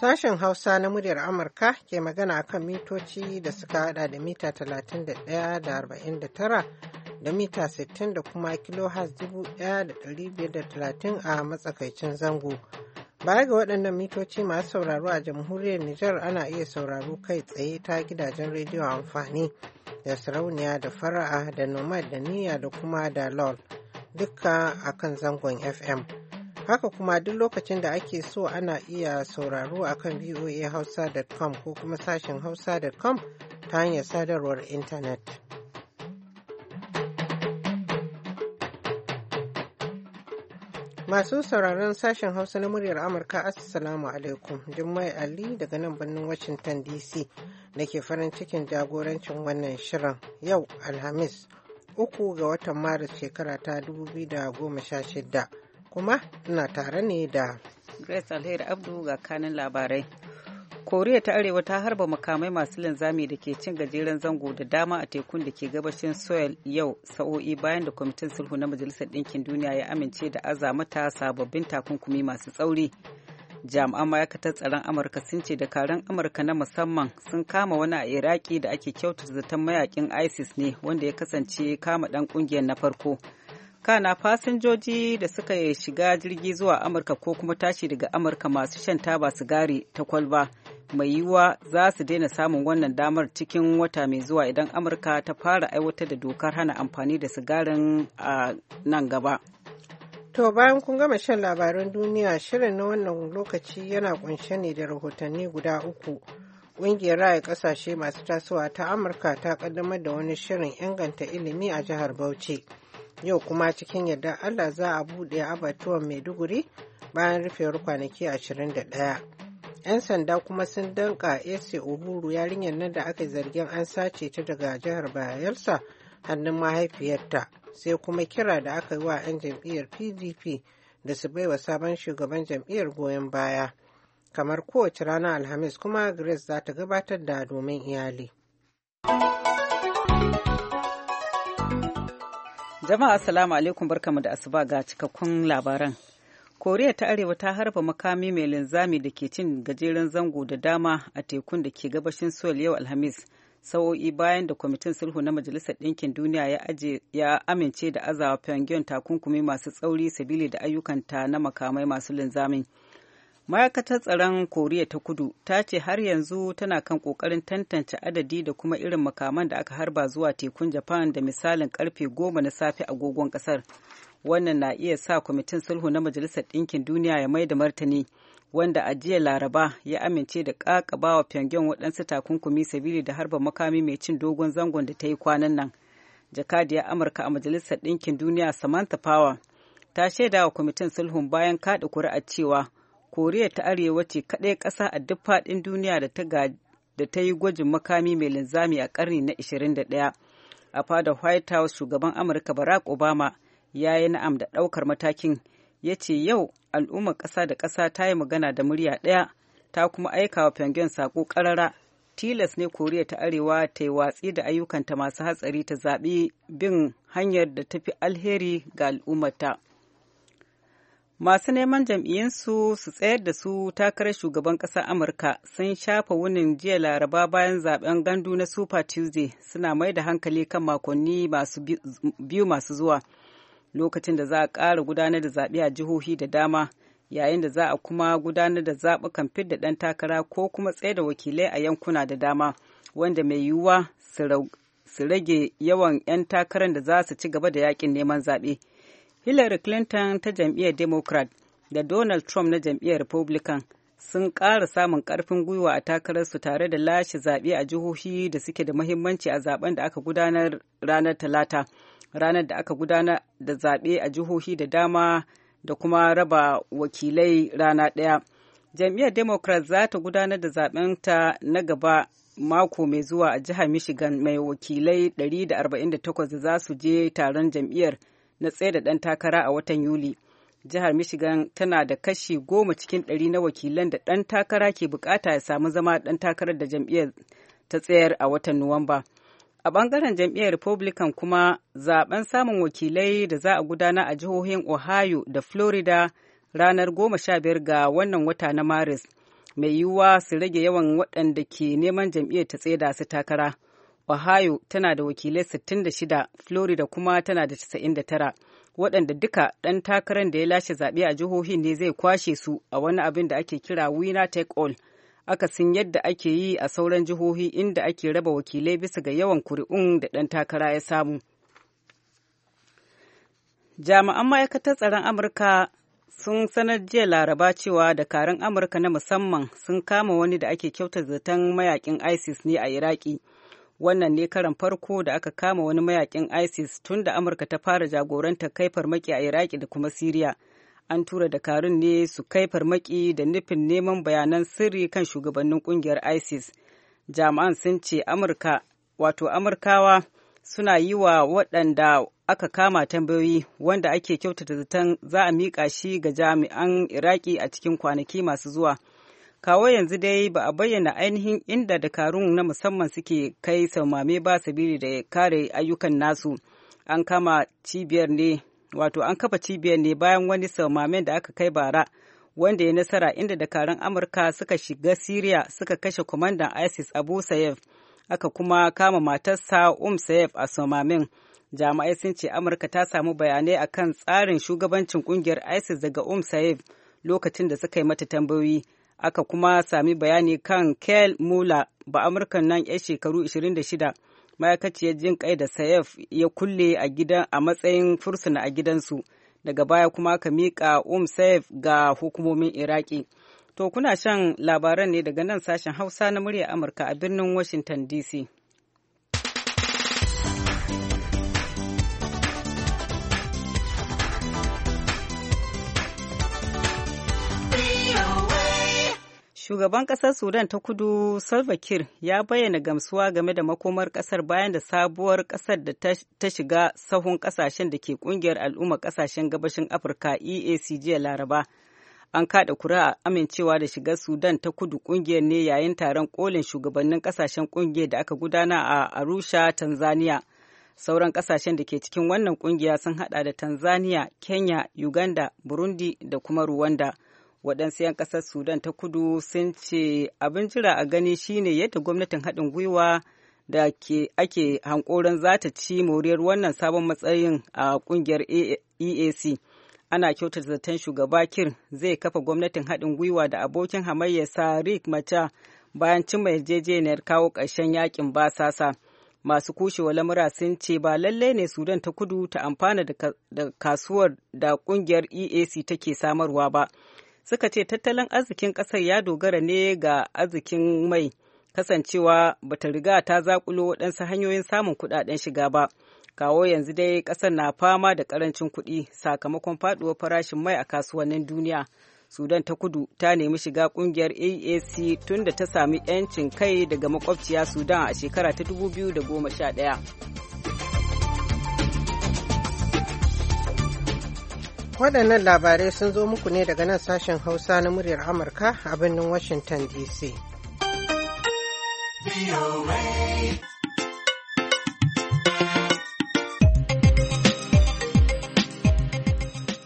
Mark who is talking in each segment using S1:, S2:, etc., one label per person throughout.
S1: Sashen Hausa na muryar Amurka ke magana kan mitoci da suka hada da mita 31 da 49 da mita 60 da kuma kilo 1530 a matsakaicin zango. Baya ga waɗannan mitoci masu sauraro a jamhuriyar Nijar ana iya sauraro kai tsaye ta gidajen rediyo amfani da sarauniya da fara'a da nomad da niyya da kuma da lol duka a kan zangon FM. Haka kuma duk lokacin da ake so ana iya sauraro a kan voahausa.com ko kuma sashen hausa.com ta hanyar sadarwar intanet. Masu sauraron sashen Hausa na muryar Amurka Assalamu alaikum Jummai Ali daga nan birnin Washington DC da ke farin cikin jagorancin wannan shirin yau Alhamis uku ga watan Maris shekara ta 2016 kuma ina tare ne da
S2: Grace Alheri Abdu ga kanin labarai.
S1: koriya ta arewa ta harba makamai
S2: masu linzami da ke cin gajeren zango da dama a tekun da ke gabashin soil yau sa'o'i bayan da kwamitin sulhu na majalisar ɗinkin duniya ya amince da aza mata sababbin takunkumi masu tsauri jami'an ma'aikatar tsaron amurka sun ce dakarun amurka na musamman sun kama wani a iraki da ake kyautar zaton mayakin isis ne wanda ya kasance kama ɗan ƙungiyar na farko kana fasinjoji da suka shiga jirgi zuwa amurka ko kuma tashi daga amurka masu shan taba sigari ta kwalba mai yiwuwa za su daina samun wannan damar cikin wata mai zuwa idan amurka ta fara aiwatar da dokar hana amfani da
S1: sigarin a nan gaba to bayan kun gama shan labaran duniya shirin na wannan lokaci yana kunshe ne da rahotanni guda uku ƙungiyar raya ƙasashe masu tasowa ta amurka ta kaddamar da wani shirin inganta ilimi a jihar bauchi yau kuma cikin yarda Allah za a buɗe abatuwan Maiduguri bayan rufewar kwanaki 21. 'Yan sanda kuma sun danka Ese Uhuru yarinyar nan da aka zargin an sace ta daga jihar Bayelsa hannun mahaifiyarta sai kuma kira da aka yi wa 'yan jam'iyyar PDP da su baiwa sabon shugaban jam'iyyar goyon baya. Kamar kowace rana Alhamis kuma Grace za ta gabatar da domin iyali.
S2: Jama'a assalamu alaikum barkamu da asuba ga cikakkun labaran. Koriya ta Arewa ta harba makami mai linzami da ke cin gajeren zango da dama a tekun da ke gabashin Seoul yau Alhamis. Sa'o'i bayan da kwamitin sulhu na Majalisar Ɗinkin Duniya ya, ya amince da azawa Pyongyang takunkumi masu tsauri sabili da ayyukanta na makamai masu linzamin. ma'aikatar tsaron koriya ta kudu ta ce har yanzu tana kan kokarin tantance adadi da kuma irin makaman da aka harba zuwa tekun japan da misalin karfe goma na safe agogon kasar wannan na iya sa kwamitin sulhu na majalisar ɗinkin duniya ya mai da martani wanda a jiya laraba ya amince da bawa pyongyang waɗansu takunkumi sabili da harba makami mai cin dogon zangon da ta yi kwanan nan ya amurka a majalisar ɗinkin duniya samantha power ta shaida wa kwamitin sulhun bayan kaɗa kuri'a cewa koriya ta arewa ce kaɗai ƙasa a duk faɗin duniya da ta yi gwajin makami mai linzami a ƙarni na 21 a fadar white house shugaban amurka barack obama ya yi na'am da ɗaukar matakin ya ce yau al'ummar ƙasa da ƙasa ta yi magana da murya ɗaya ta kuma aika wa pyongyang saƙo ƙarara tilas ne koriya ta arewa ta yi watsi da ayyukanta masu hatsari ta zaɓi bin hanyar da ta fi alheri ga al'ummata. Masu neman jam'iyyinsu su tsayar da su takarar shugaban ƙasar Amurka sun shafa wunin jiya laraba bayan zaben gandu na Super Tuesday suna mai da hankali kan makonni biyu masu zuwa lokacin da za a ƙara gudanar da zaɓe a jihohi da dama yayin da za a kuma gudanar da zaɓukan fidda ɗan takara ko kuma tsaye da wakilai a yankuna da dama wanda mai yiwuwa su rage yawan 'yan takarar da za su ci gaba da yakin neman zaɓe. hillary clinton ta jam'iyyar democrat da donald trump na jam'iyyar republican sun ƙara samun ƙarfin gwiwa a takarar su tare da lashe zaɓe a jihohi da suke da mahimmanci a zaben da aka gudanar ranar talata ranar da aka gudanar da zaɓe a jihohi da dama da kuma raba wakilai rana ɗaya jam'iyyar democrat za ta gudanar da ta na gaba mako mai zuwa a jihar michigan mai wakilai 148 da za su je taron jam'iyyar na tsaye da ɗan takara a watan Yuli. Jihar Michigan tana da kashi goma cikin ɗari na wakilan da ɗan takara ke bukata ya samu zama ɗan takarar da jam'iyyar ta tsayar a watan Nuwamba. A ɓangaren jam'iyyar Republican kuma zaben samun wakilai da za a gudana a jihohin Ohio da Florida ranar goma sha biyar ga wannan wata na Maris. Mai yiwuwa su rage yawan waɗanda ke neman jam'iyyar ta da su takara. Ohio tana da wakilai 66, Florida kuma tana da 99, waɗanda duka ɗan takarar da ya lashe zaɓe a jihohin ne zai kwashe su a wani abin da ake kira winner take all. Akasin yadda ake yi a sauran jihohi inda ake raba wakilai bisa ga yawan kuri'un da ɗan takara ya samu. Jami'an ma'aikatar tsaron Amurka sun sanar jiya laraba cewa dakarun amurka na musamman sun kama wani da ake kyauta zaton mayakin isis ne a iraki wannan ne karan farko da aka kama wani mayakin isis tun da amurka ta fara jagorantar kai farmaki a iraki da kuma siriya an tura dakarun ne su kai farmaki da nufin neman bayanan sirri kan shugabannin kungiyar isis jami'an sun ce amurka wato amurkawa suna yi wa waɗanda aka kama tambayoyi wanda ake kyautata zaton za a miƙa shi ga jami'an iraki a cikin kwanaki masu zuwa. kawo yanzu dai ba a bayyana ainihin inda dakarun na musamman suke kai samame ba sabili da kare ayyukan nasu an kama cibiyar ne wato an kafa cibiyar ne bayan wani samamen da aka kai bara wanda ya nasara inda dakarun amurka suka shiga syria suka kashe kwamandan isis abu sayef aka kuma kama matarsa um sayef a samamen jami'ai sun ce amurka ta samu bayanai akan tsarin shugabancin kungiyar isis daga um sayef lokacin da suka yi mata tambayoyi aka kuma sami bayani kan kel mula ba amurkan nan 'ya shekaru 26 ma'aikaciyar jin kai da sayef ya kulle a gidan a matsayin fursuna a gidansu daga baya kuma aka miƙa um sayef ga hukumomin iraki to kuna shan labaran ne daga nan sashen hausa na murya amurka a birnin washington dc Shugaban ƙasar Sudan ta kudu Salva Kiir ya bayyana gamsuwa game da makomar ƙasar bayan da sabuwar ƙasar da ta shiga sahun ƙasashen da ke ƙungiyar al'umma ƙasashen gabashin Afirka EAC jiya Laraba. An kaɗa kura amincewa da shigar Sudan ta kudu ƙungiyar ne yayin taron ƙolin shugabannin ƙasashen ƙungiyar da aka gudana a Arusha, Tanzania. Sauran ƙasashen da ke cikin wannan ƙungiya sun haɗa da Tanzania, Kenya, Uganda, Burundi da kuma Rwanda. waɗansu 'yan ƙasar sudan ta kudu sun ce abin jira a gani shine yadda gwamnatin haɗin gwiwa da ake hankoron za ta ci moriyar wannan sabon matsayin a ƙungiyar eac ana kyautata zaton shugaba kir zai kafa gwamnatin haɗin gwiwa da abokin hamayyarsa rick mata bayan cimma yarjejeniyar kawo ƙarshen yakin basasa masu kushewa lamura sun ce ba lallai ne sudan ta kudu ta amfana da kasuwar da ƙungiyar eac take samarwa ba suka ce tattalin arzikin ƙasar ya dogara ne ga arzikin mai kasancewa bata riga ta zakulo waɗansu hanyoyin samun kuɗaɗen shiga ba kawo yanzu dai ƙasar na fama da ƙarancin kuɗi sakamakon faɗuwar farashin mai a kasuwannin duniya sudan ta kudu ta nemi shiga ƙungiyar aac tunda ta sami 'yancin kai daga makwabciya sudan a shekara ta 2011
S1: Waɗannan labarai sun zo muku ne daga nan sashen Hausa na muryar Amurka a birnin Washington DC.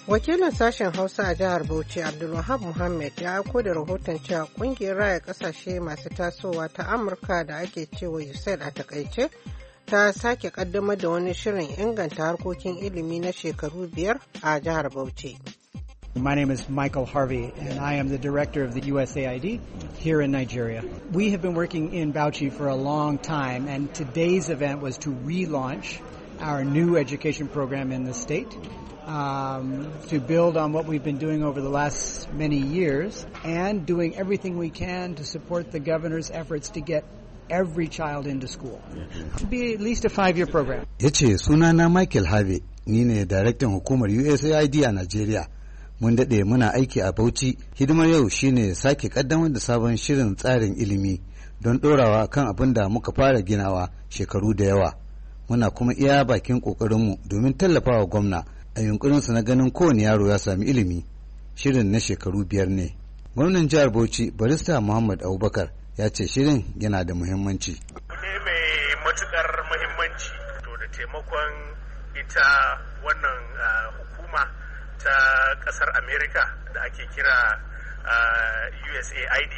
S1: Wakilin sashen Hausa a jihar Bauchi Abdulwahab Muhammad ya aiko da rahoton cewa kungiyar raya kasashe masu tasowa ta Amurka da ake cewa USAID a takaice ta sake kaddamar da wani shirin inganta harkokin ilimi na shekaru biyar a jihar Bauchi.
S3: My name is Michael Harvey, and I am the director of the USAID here in Nigeria. We have been working in Bauchi for a long time, and today's event was to relaunch our new education program in the state um, to build on what we've been doing over the last many years and doing everything we can to support the governor's efforts to get every child into school. To be at least a five-year program.
S4: Ya ce sunana Michael Harvey, ni ne daraktan hukumar USAID a Najeriya. Mun daɗe muna aiki a Bauchi, hidimar yau shine sake ƙaddamar da sabon shirin tsarin ilimi don ɗorawa kan abin da muka fara ginawa shekaru da yawa. Muna kuma iya bakin ƙoƙarinmu domin tallafawa gwamna a yunƙurinsa na ganin kowane yaro ya sami ilimi. Shirin na shekaru biyar ne. Gwamnan jihar Bauchi, Barista Muhammad Abubakar, ya ce shirin yana da muhimmanci.
S5: ne mai matukar muhimmanci to da taimakon ita wannan hukuma ta ƙasar Amerika da ake kira usaid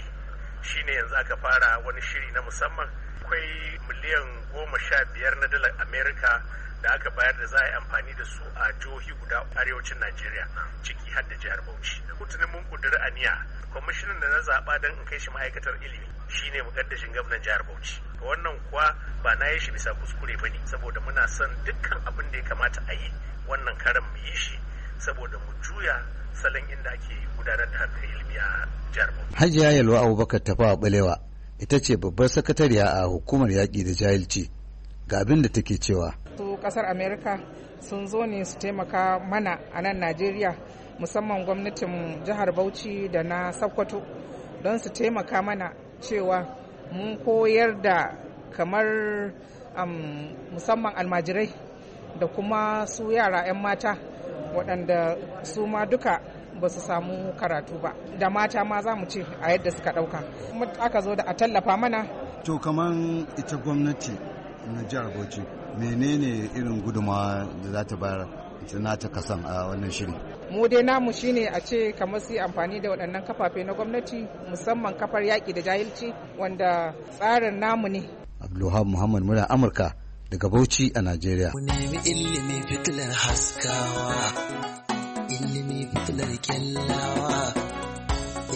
S5: shine yanzu aka fara wani shiri na musamman akwai miliyan goma sha biyar na dalar Amerika. da aka bayar da za a yi amfani da su a jihohi guda arewacin Najeriya ciki har da jihar Bauchi. Da kutunin mun kudura aniya kwamishinan da na zaɓa don in kai shi ma'aikatar ilimi shine mukaddashin gwamnan jihar Bauchi. Wannan kuwa ba na yi shi bisa kuskure ba ne saboda muna son dukkan abin da ya kamata a yi wannan karan mu yi shi saboda mu juya salon inda ake gudanar da harkar ilimi a
S4: jihar Bauchi. Hajiya Yalwa Abubakar Tafawa Balewa ita ce babbar sakatariya a hukumar yaƙi da jahilci ga abin da take cewa.
S1: kasar america sun zo ne su taimaka mana a nan najeriya musamman gwamnatin jihar bauchi da na sokoto don su taimaka mana cewa mun koyar da kamar um, musamman almajirai da kuma su yara 'yan mata waɗanda su ma duka ba su samu karatu ba da mata ma za mu ce a yadda suka ɗauka aka zo da a tallafa mana
S4: to kamar ita gwamnati na jihar bauchi menene irin guduma da za ta bayar na ta kasan a wannan shirin?
S1: mu dai namu shine a ce kamar su amfani da waɗannan kafafe na gwamnati musamman kafar yaƙi da jahilci wanda tsarin namu ne
S4: Abdullahi muhammad mura amurka daga bauchi a najeriya mu
S6: nemi
S1: ilimi fitilar haskawa ilimi fitilar kyallawa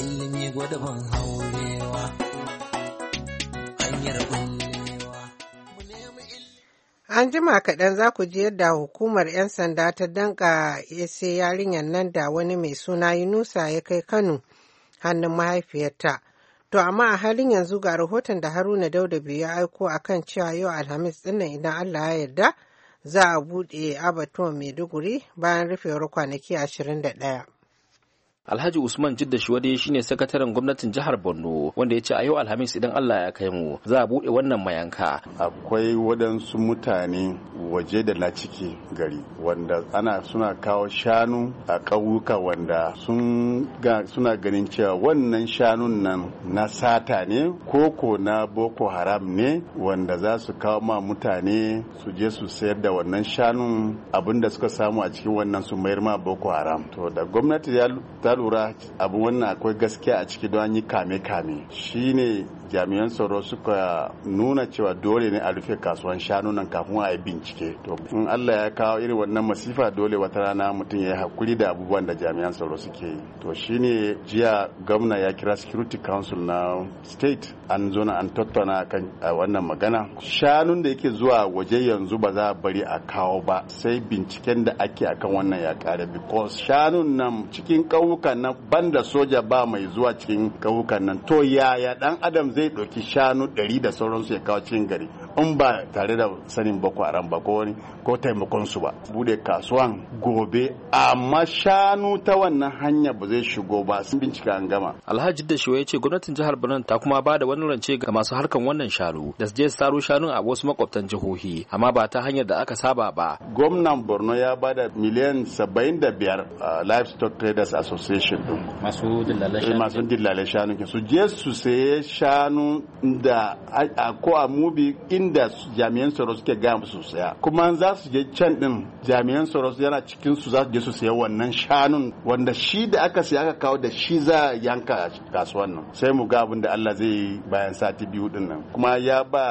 S1: ilimi gwada haurewa hanyar An jima kaɗan za ku ji yadda hukumar 'yan sanda ta danka sai yarinyar nan da wani mai suna Yunusa ya kai Kano hannun mahaifiyarta. To amma a halin yanzu ga rahoton da Haruna Dauda biyu ya aiko a kan cewa yau Alhamis dinnan idan Allah ya yarda za a buɗe mai Maiduguri bayan rufewar kwanaki ashirin da ɗaya.
S7: Alhaji Usman Jidda Shuwade shine sakataren gwamnatin jihar Borno wanda ya ce a yau Alhamis idan Allah ya kai mu za a bude wannan
S5: mayanka. Akwai waɗansu mutane waje da na ciki gari wanda ana suna kawo shanu a ƙauyuka wanda sun suna ganin cewa wannan shanun nan na sata ne ko na Boko Haram ne wanda za su kawo ma mutane su je su sayar da wannan shanun abinda suka samu a cikin wannan su mayar ma Boko Haram. To da gwamnati ya lura abu wannan akwai gaskiya a ciki don an yi kame-kame ne. jami'an tsaro suka nuna cewa dole ne a rufe kasuwan shanu nan kafin a yi bincike to in Allah ya kawo irin wannan masifa dole wata rana mutum ya yi hakuri da abubuwan da jami'an tsaro suke yi to shine jiya gwamna ya kira security council na state an zo an tattauna kan wannan magana shanun da yake zuwa waje yanzu ba za a bari a kawo ba sai binciken da ake akan wannan ya kare because shanun nan cikin ƙauyukan nan banda soja ba mai zuwa cikin ƙauyukan nan to yaya dan adam zai zai ɗauki shanu ɗari da sauransu ya kawo cikin gari in ba tare da sanin boko haram ba ko wani ko taimakon su ba bude kasuwan gobe amma shanu ta wannan hanya ba zai shigo ba sun bincika an gama
S7: alhaji da shiwa ya ce gwamnatin jihar birnin ta kuma ba da wani rance ga masu harkan wannan shanu da su je su saro shanun a wasu makwabtan jihohi amma ba
S5: ta hanyar da aka saba ba gwamnan borno ya ba da miliyan saba'in da biyar livestock traders association din masu dillalan eh, shanu su je su saye shanu da ko a mubi in da jami'an tsaro suke gaya musu saya kuma za su je can din jami'an tsaro yana cikin su za su je su saya wannan shanun wanda shi da aka saya aka kawo da shi za a yanka kasuwan nan sai mu ga abin da Allah zai bayan sati biyu din nan kuma ya ba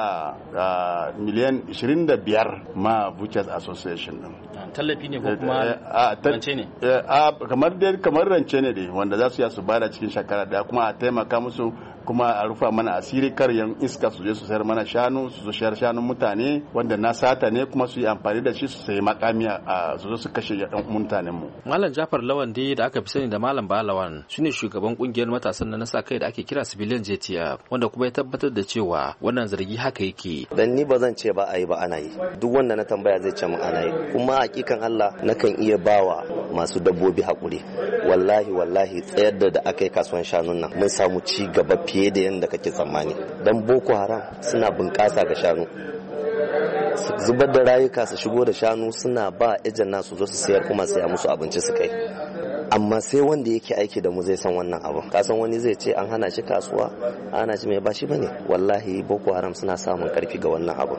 S5: ah, miliyan 25 ma Butchers Association din
S7: ah, tallafi ne ko kuma eh, eh, ah, rance ne
S5: eh, kamar kamar rance ne dai wanda za su ya su bada cikin shekara daya kuma a taimaka musu kuma a rufa mana asiri kar iska su je su sayar mana shanu su shayar shanun mutane wanda na sata ne kuma su yi amfani da shi su sayi makami a su zo su kashe yan mutanen mu
S7: malam jafar lawan dai da aka fi sani da malam balawan shine shugaban kungiyar matasan na nasa kai da ake kira civilian jtf wanda kuma ya tabbatar da cewa wannan zargi haka yake
S8: dan ni ba zan ce ba a ba ana yi duk wanda na tambaya zai ce min ana yi kuma hakikan Allah nakan iya bawa masu dabbobi hakuri wallahi wallahi tsayar da da aka yi kasuwan shanun nan mun samu ci gaba fiye da yadda kake tsammani don boko haram suna bunƙasa ga shanu zubar da rayuka su shigo da shanu suna ba ejan nasu zo su sayar kuma saya musu abinci su kai amma sai wanda yake aiki da mu zai san wannan abu kasan wani zai ce an hana shi kasuwa ana shi mai ba shi bane wallahi boko haram suna samun karfi
S7: ga wannan abu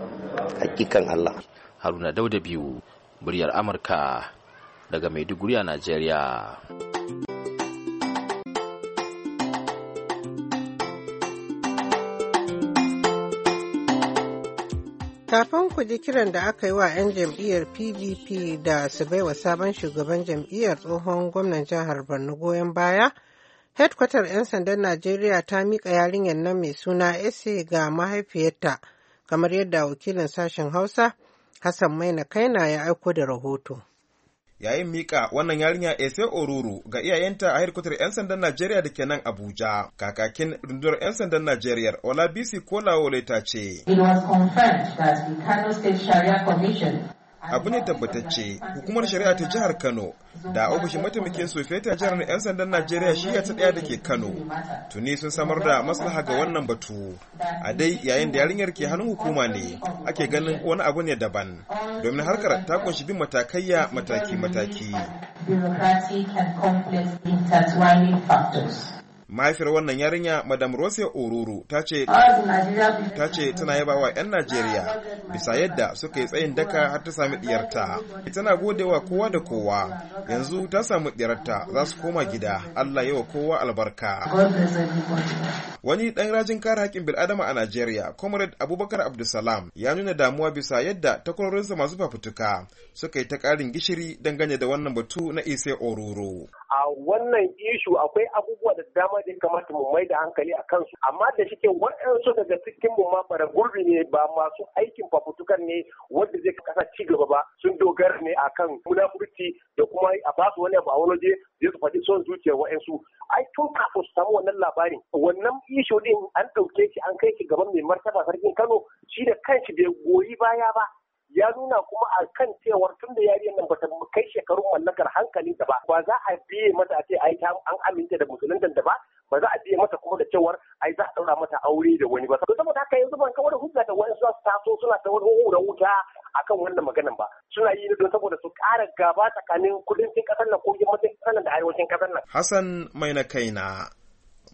S7: hakikan Allah Haruna Dauda biyu muryar Amurka daga Maiduguri a Najeriya
S1: Kafin ku ji kiran da aka yi wa 'yan jam'iyyar PDP da su baiwa sabon shugaban jam'iyyar tsohon gwamnan jihar Borno goyon baya, hedkwatar 'yan sandan Najeriya ta miƙa yarinyar nan mai suna Ese ga mahaifiyarta, kamar yadda wakilin sashen Hausa Hassan Maina Kaina ya aiko da rahoto.
S9: yayin mika wannan yarinya Ese Oruru ga iyayenta a hirkutar 'yan sandan Najeriya da kenan Abuja. Kakakin rundunar 'yan sandan Najeriya Ola Olabisi Kolawole ta ce.
S3: It was
S10: confirmed the Kano State Sharia
S9: abu ne tabbatacce hukumar shari'a ta jihar kano da ofishin mataimakin sofeta jihar 'yan sandan najeriya shiya ta daya da ke kano
S11: tuni sun samar da maslaha ga
S9: wannan batu a dai yayin da yarinyar ke hannun hukuma ne ake ganin wani abu ne daban
S11: domin harkar ta
S9: kunshi bin matakaiya mataki-mataki mahaifiyar wannan yarinya madam Rose ororo ta ce tana yaba wa 'yan najeriya bisa yadda suka yi tsayin daka har ta sami diyarta tana gode wa kowa da kowa yanzu ta samu diyarta za su koma gida allah yawa kowa albarka wani dan rajin kare haƙƙin bil'adama a najeriya comrade abubakar abdulsalam ya nuna damuwa bisa yadda takwarorinsa masu fafutuka suka yi ta ƙarin gishiri dangane da wannan batu na ise ororo
S7: a wannan ishu akwai abubuwa da dama da kamata mu mai da hankali a kansu amma da shike waɗansu daga cikin mu ma bara gurbi ne ba masu aikin fafutukan ne wanda zai kasa ci gaba ba sun dogara ne a kan munafurci da kuma a basu wani abu a wani zai su faɗi son zuciyar waɗansu ai tun kafin su samu wannan labarin wannan ishu din an ɗauke shi an kai shi gaban mai martaba sarkin Kano shi da kanshi bai goyi baya ba ya nuna kuma a kan cewar tun da yariyar nan bata kai shekarun mallakar hankali da ba ba za a biye mata a ce ai an aminta da musulunta da ba ba za a biye mata kuma da cewar a yi za a daura mata aure da wani ba saboda haka yanzu ban kawar hujja da wani su taso suna ta wani hura wuta akan wannan maganan ba suna yi don saboda su ƙara gaba tsakanin kudin cin ƙasar nan ko yammacin ƙasar nan da arewacin ƙasar nan
S9: Hassan kai Kaina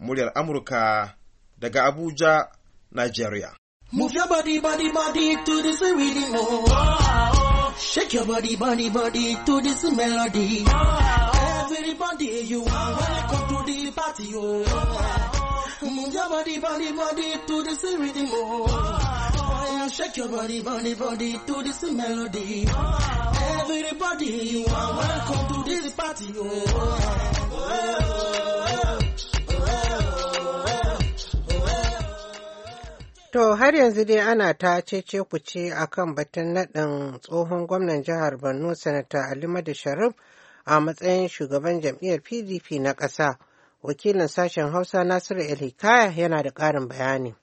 S9: muryar Amurka daga Abuja Nigeria
S3: Move your body, body, body to this rhythm. Oh, oh,
S1: Shake your body, body, body to this melody. Oh, oh, Everybody, you are welcome to the party. Oh, oh, Move your body, body, body to this rhythm. Oh, oh, oh. Shake your body, body, body to this melody. Oh, oh, Everybody, you are welcome to this party. Oh, oh, oh. To har yanzu dai ana ta cece kuce a kan batun naɗin tsohon gwamnan jihar Borno Sanata Ali Madu Sharif a matsayin shugaban jam'iyyar PDP na ƙasa. Wakilin sashen Hausa Nasiru El-Hikaya yana da ƙarin bayani.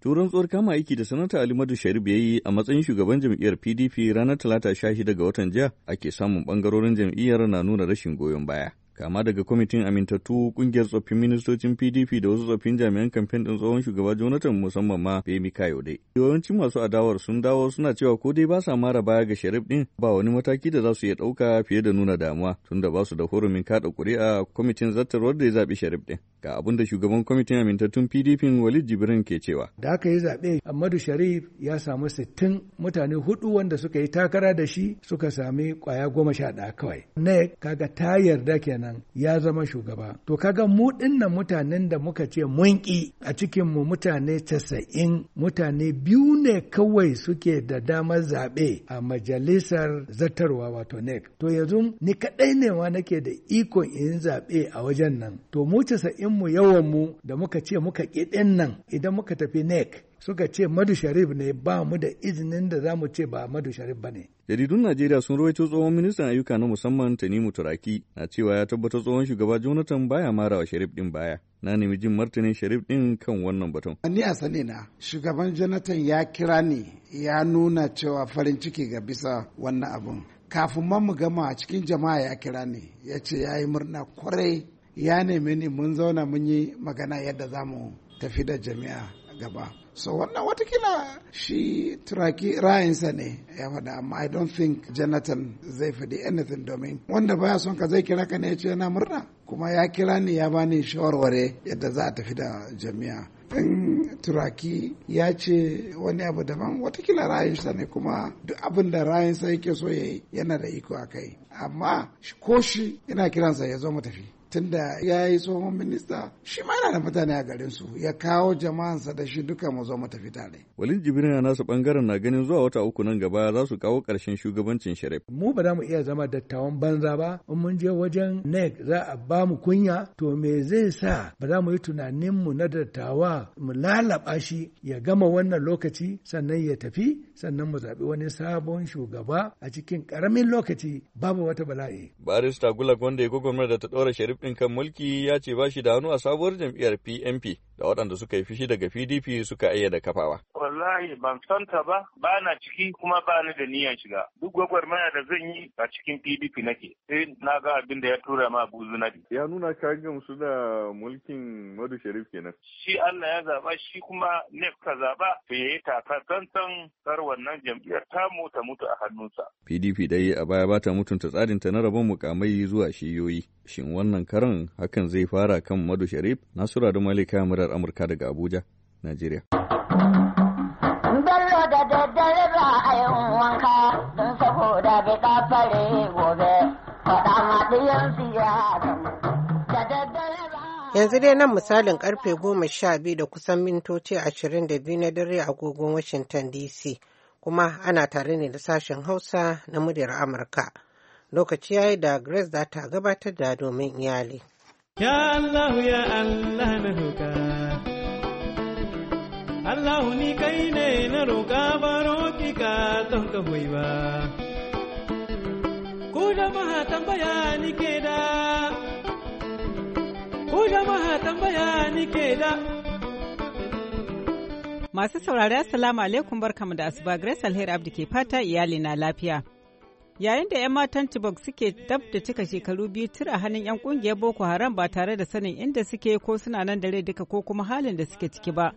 S11: Turin tsohon kama aiki da sanata Ali Madu Sharif ya yi a matsayin shugaban jam'iyyar PDP ranar Talata sha 16 ga watan jiya ake samun ɓangarorin jam'iyyar na nuna rashin goyon baya. kama daga kwamitin amintattu kungiyar tsoffin ministocin pdp da wasu tsoffin jami'an kamfen din tsohon shugaba jonathan musamman ma femi dai yawancin masu adawar sun dawo suna cewa ko dai ba sa mara baya ga sharif din ba wani mataki da za su iya ɗauka fiye da nuna damuwa tunda ba su da hurumin kada kuri'a kwamitin zartarwar da ya zaɓi sharif din Ga abin da shugaban kwamitin amintattun PDP Walid Jibrin ke cewa.
S3: Da aka yi zaɓe, Ahmadu Sharif ya samu sittin mutane hudu wanda suka yi takara da shi suka sami kwaya goma sha ɗaya kawai. Ne kaga ta yarda kenan ya zama shugaba. To kaga mu dinnan mutanen da muka ce mun ƙi a cikin mu mutane casa'in mutane biyu ne kawai suke da damar zaɓe a majalisar zartarwa wato nek To yanzu ni kaɗai ne ma nake da ikon in zaɓe a wajen nan. To mu casa'in mu yawan mu da muka ce muka ƙiɗin nan idan muka tafi nek suka ce madu sharif ne ba mu da izinin da za mu ce ba madu sharif ba ne.
S11: jaridun najeriya sun rawaito tsohon ministan ayyuka na musamman tanimu turaki na cewa ya tabbata tsohon shugaba jonathan baya marawa sharif din baya na nemi jin martanin sharif din kan wannan batun.
S6: ni a sani na shugaban jonathan ya kira ni ya nuna cewa farin ciki ga bisa wannan abun kafin ma mu gama a cikin jama'a ya kira ni ya ce ya yi murna kwarai ya neme ni mun zauna mun yi magana yadda za mu tafi da jami'a gaba so wannan watakila shi turaki ra'ayinsa ne ya faɗa amma i don't think jonathan zai faɗi anything domin wanda baya son ka zai kira ka ne ya ce yana murna kuma ya kira ni ya bani shawarware yadda za a tafi da jami'a in turaki ya ce wani abu daban watakila ra'ayinsa ne kuma duk abin da ra'ayinsa yake so ya yi yana da iko a kai amma ko shi yana kiransa ya zo mu tafi tunda ya yi tsohon minista shi ma yana da mutane a garin su ya kawo jama'ansa da shi duka mu zo mu tafi tare.
S11: Walin Jibrin na nasu bangaren na ganin zuwa wata uku nan gaba za su kawo ƙarshen shugabancin Sharif.
S3: Mu ba za mu iya zama dattawan banza ba in mun je wajen NEC za a ba mu kunya to me zai sa ba za mu yi tunanin mu na dattawa mu lalaba shi ya gama wannan lokaci sannan ya tafi sannan mu zaɓi wani sabon shugaba a cikin ƙaramin lokaci babu wata bala'i.
S11: Barista Gulag wanda ya gwagwarmar da ta ɗora Sharif ɗin kan mulki ya ce ba shi da hannu a sabuwar jam'iyyar PNP da waɗanda suka yi fishi daga PDP suka ayyana kafawa.
S3: wallahi ban
S5: santa ba ba na ciki kuma ba ni da niyan shiga duk gwagwarmaya da zan yi a cikin pdp nake sai na ga abin da ya tura ma buzu na
S11: ya nuna ka gamsu da mulkin madu sharif kenan shi allah ya
S5: zaba shi kuma nef ka zaba to ya yi taka
S8: tsantsan kar wannan jam'iyyar ta ta mutu a hannunsa
S11: pdp dai a baya ba ta mutunta tsarinta na rabon mukamai zuwa shiyoyi shin wannan karan hakan zai fara kan madu sharif nasura da malika murar amurka daga abuja najeriya
S1: Yanzu dai nan misalin karfe goma sha biyu da kusan mintoci ashirin da biyu na dare agogon Washington DC kuma ana tare ne da sashen Hausa na muryar Amurka. Lokaci yayi da Grace za ta gabatar da domin iyali. Ya Allah ya Allah na roƙa. Allah ni kai ne na roƙa baro ki ka don ka ba. Ku tambaya ni ke da. jama'a tambaya
S3: da.
S2: Masu saurari Assalamu alaikum barkamu da asuba Grace Alheri Abdi ke fata iyali na lafiya. Yayin da 'yan matan Tibok suke dab da cika shekaru biyu tura hannun 'yan kungiyar Boko Haram ba tare da sanin inda suke ko suna nan da rai duka ko kuma halin da suke ciki ba.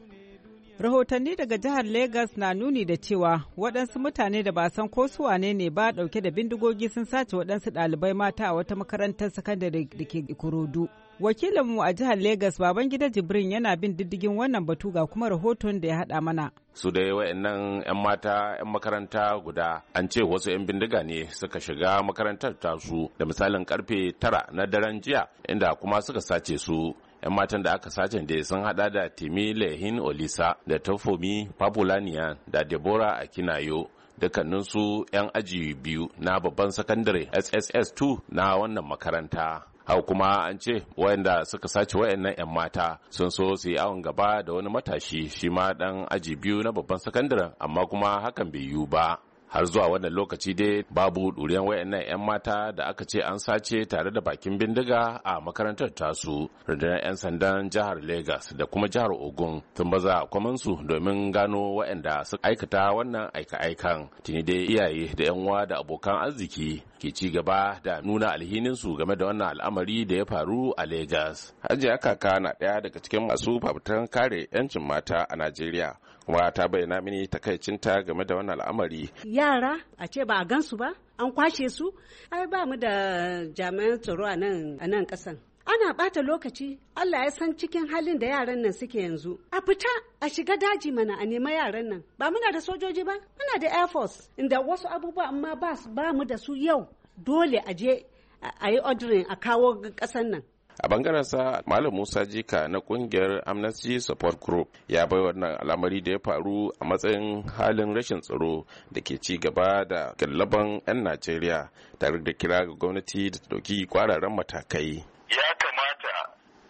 S2: Rahotanni daga jihar Legas na nuni da cewa waɗansu mutane da ba san ko su wane ne ba ɗauke da bindigogi sun sace waɗansu ɗalibai mata a wata makarantar sakandare da ke Ikorodu. Wakilinmu a jihar Legas baban Babangida Jibrin yana bin diddigin wannan batu ga kuma rahoton da ya haɗa mana.
S8: Su dai wayannan 'yan mata 'yan makaranta guda an ce wasu 'yan bindiga ne suka shiga makarantar tasu da misalin karfe tara na daren jiya inda kuma suka sace su. 'yan matan da aka sace da sun hada da Timi Lehin Olisa da Tafomi Papulaniya da debora Akinayo. Dukkaninsu 'yan aji biyu na babban sakandare SSS 2 na wannan makaranta. hau kuma an ce wayanda suka sace wayannan 'yan mata sun so su yi awon gaba da wani matashi shi ma dan aji biyu na babban sakandaren amma kuma hakan bai yiwu ba har zuwa wannan lokaci dai babu ɗuriyar wayannan 'yan mata da aka ce an sace tare da bakin bindiga a makarantar tasu rundunar 'yan sandan jihar Legas da kuma jihar Ogun sun baza su domin gano wayanda su aikata wannan aika-aikan tuni dai iyaye da 'yan uwa da abokan arziki ke ci gaba da nuna alhinin su game da wannan al'amari da ya faru a Legas. Hajiya Kaka na ɗaya daga cikin masu fafutan kare 'yancin mata a Najeriya kuma ta bayyana mini takaicinta game da wannan al'amari
S2: yara a ce ba a gansu ba an kwashe su ai ba mu da jami'an tsaro a nan kasan ana bata lokaci Allah ya san cikin halin da yaran nan suke yanzu a fita a shiga daji mana a nema yaran nan ba muna da sojoji ba muna da air force inda wasu abubuwa amma ba mu da su yau dole a je a yi ordering a kawo kasan nan
S8: a bangaren sa malam musa jika na kungiyar amnesty support group ya bai wannan al'amari da ya faru a matsayin halin rashin tsaro da ke ci gaba da gallaban 'yan najeriya tare da kira ga gwamnati da dauki kwararren matakai
S3: ya kamata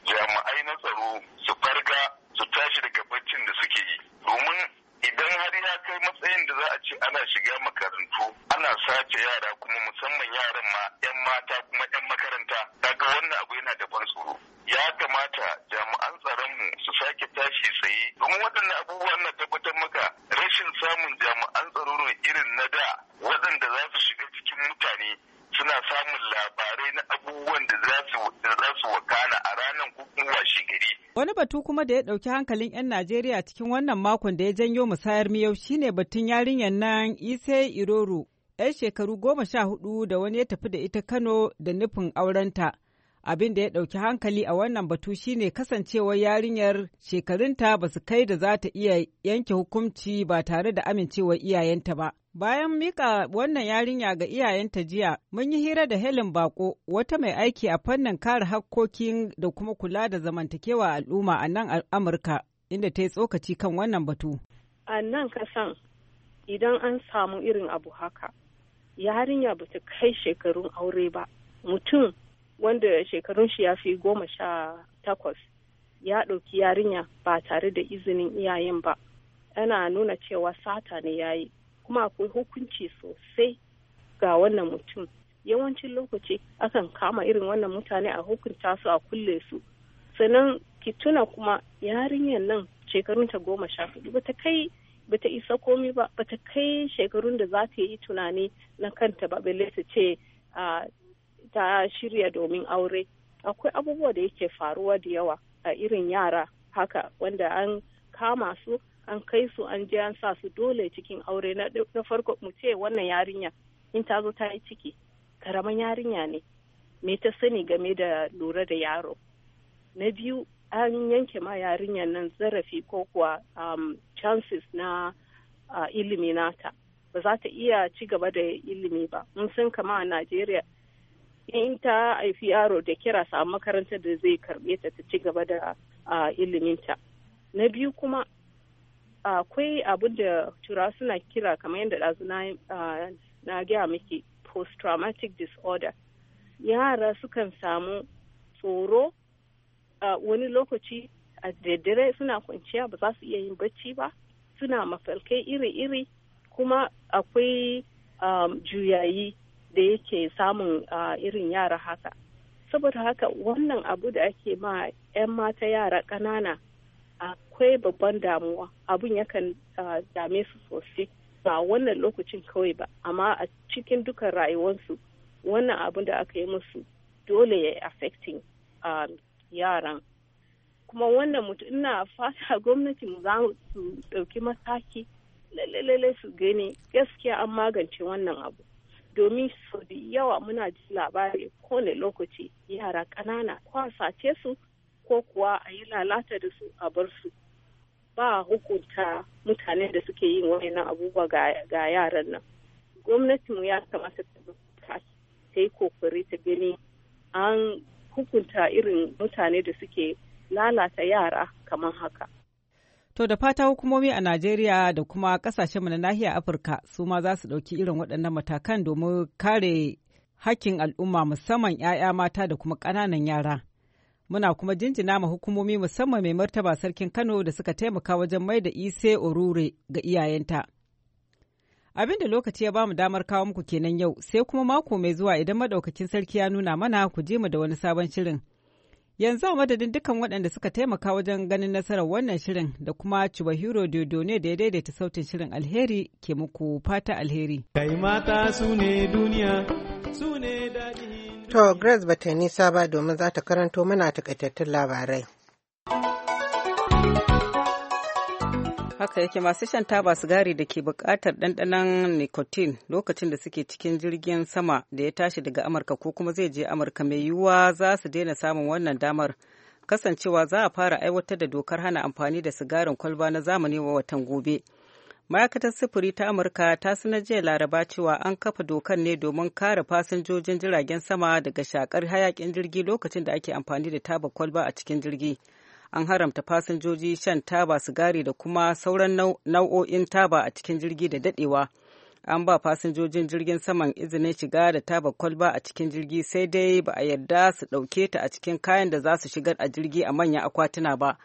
S3: jami'ai na tsaro
S6: su farga su tashi daga baccin da suke yi domin idan har ya kai
S7: matsayin da za a ce ana shiga makarantu ana sace yara kuma musamman yaran ma 'yan mata kuma 'yan makaranta haka wannan abu yana da ban tsoro ya kamata jami'an tsaronmu su sake tashi tsaye domin waɗannan abubuwan na tabbatar maka rashin samun jami'an tsaro ne irin na da waɗanda za su shiga cikin mutane suna samun labarai na
S2: abubuwan da za su wakana a ranar kuma shi gari. Wani batu kuma da ya ɗauki hankalin 'yan Najeriya cikin wannan makon da ya janyo musayar miyau shine batun yarinyar nan Ise Iroro 'yan shekaru goma sha hudu da wani ya tafi da ita Kano da nufin aurenta. abin da ya ɗauki hankali a wannan batu shine kasancewar yarinyar shekarunta ba su kai da za ta iya yanke hukunci ba tare da amincewar iyayenta ba. Bayan mika wannan yarinya ga iyayenta jiya, mun yi hira da Helen Bako, wata mai aiki a fannin kare hakkokin da kuma kula da zamantakewa al'umma a nan Amurka, inda ta yi tsokaci kan wannan batu.
S10: A nan kasan idan an samu irin abu haka, yarinya ba ta kai shekarun aure ba, mutum wanda shekarun shi ya fi goma sha takwas ya ɗauki yarinya ba tare da izinin iyayen ba ana nuna cewa sata ne ya yi kuma akwai hukunci sosai ga wannan mutum yawancin lokaci akan kama irin wannan mutane a hukunta su a kulle su sannan ki tuna kuma yarinyar nan shekarun ta goma sha hudu bata kai bata isa komi ba bata kai shekarun da za ta yi tunani na kanta ba balle ta ce ah, ta shirya domin aure akwai abubuwa da yake faruwa da yawa a irin yara haka wanda an kama su an kai su an je an sa su dole cikin aure na farko mu ce wannan yarinya in ta zo ta yi ciki karaman yarinya ne me ta sani game da lura da yaro na biyu an yanke ma yarinya nan zarafi ko kuwa um, chances na uh, ilimi nata ba za ta iya ci gaba da ilimi ba mun san kama a najeriya in ta haifi yaro da kira samu makarantar da zai karbe ta ta ci gaba da iliminta na biyu kuma akwai abin da tura suna kira kamar yadda ɗazu na gaya miki post-traumatic disorder yara sukan samu tsoro wani lokaci a daddare suna kwanciya ba za su iya yin bacci ba suna mafalkai iri-iri kuma akwai um, juyayi da yake samun irin yara haka saboda haka wannan abu da ake ma 'yan mata yara ƙanana akwai babban damuwa abun yakan dame su sosai ba wannan lokacin kawai ba amma a cikin dukan rayuwarsu wannan abun da aka yi musu dole ya yi affecting yaran kuma wannan mutum ina fata gwamnati mu za su ɗauki mataki lalle su gani gaskiya an magance wannan abu domin sau da yawa muna ji labari kowane lokaci yara ƙanana kwasace su ko kuwa a yi lalata da su a bar su ba hukunta mutane da suke yin wayannan abubuwa ga yaran nan gwamnatinmu ya kamata ta yi kokari ta gani an hukunta irin mutane da suke lalata yara kamar haka
S2: To da fata hukumomi a Najeriya da kuma mu na nahiyar Afirka su ma za su ɗauki irin waɗannan matakan domin kare hakkin al'umma musamman 'ya'ya mata da kuma ƙananan yara. Muna kuma jinjina ma hukumomi musamman mai martaba sarkin Kano da suka taimaka wajen mai da ise orure ga iyayenta. Abin da lokaci ya bamu damar kawo muku kenan yau sai kuma mako mai zuwa idan madaukakin sarki ya nuna mana ku je mu da wani sabon shirin. Yanzu a madadin dukkan waɗanda suka taimaka wajen ganin nasarar wannan shirin da kuma Chubahiro ne da ya daidaita sautin shirin alheri
S1: ke muku fata alheri. Kai mata su ne duniya,
S9: su ne daɗin.
S1: To, Grace ba ta nisa ba domin za ta karanto mana takaitattun labarai.
S2: haka yake masu shan taba sigari da ke bukatar ɗanɗanon nicotine lokacin da suke cikin jirgin sama da ya tashi daga amurka ko kuma zai je amurka mai yiwuwa za su daina samun wannan damar kasancewa za a fara aiwatar da dokar hana amfani da sigarin kwalba na zamani wa watan gobe ma'aikatar sufuri ta amurka ta sanar jiya laraba cewa an kafa dokar ne domin kare fasinjojin jiragen sama daga shakar hayakin jirgi lokacin da ake amfani da taba kwalba a cikin jirgi an haramta fasinjoji shan taba sigari da kuma sauran nau'o'in taba a cikin jirgi da dadewa an ba fasinjojin jirgin saman izinin shiga da taba kwalba a cikin jirgi sai dai ba a yarda su ɗauke ta a cikin kayan da za su shigar a jirgi a manyan akwatuna ba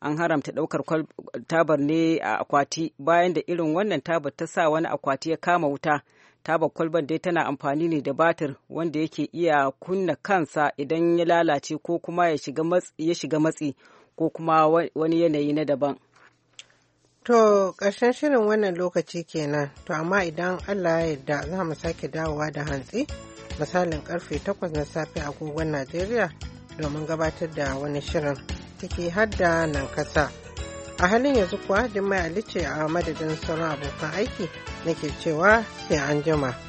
S2: an haramta ɗaukar tabar ne a akwati bayan da irin wannan tabar ta sa wani akwati ya kama wuta tabar kwalban dai tana amfani ne da batir wanda yake iya kunna kansa idan ya lalace ko kuma ya shiga matsi ko kuma wani yanayi na daban.
S1: To ƙarshen shirin wannan lokaci kenan, to amma idan Allah ya yarda za mu sake dawowa da hantsi misalin karfe takwas na safe agogon Najeriya domin gabatar da wani shirin ciki har da nan kasa. A halin yanzu kuwa Jummai Ali ce a madadin sauran abokan aiki nake cewa sai an jima.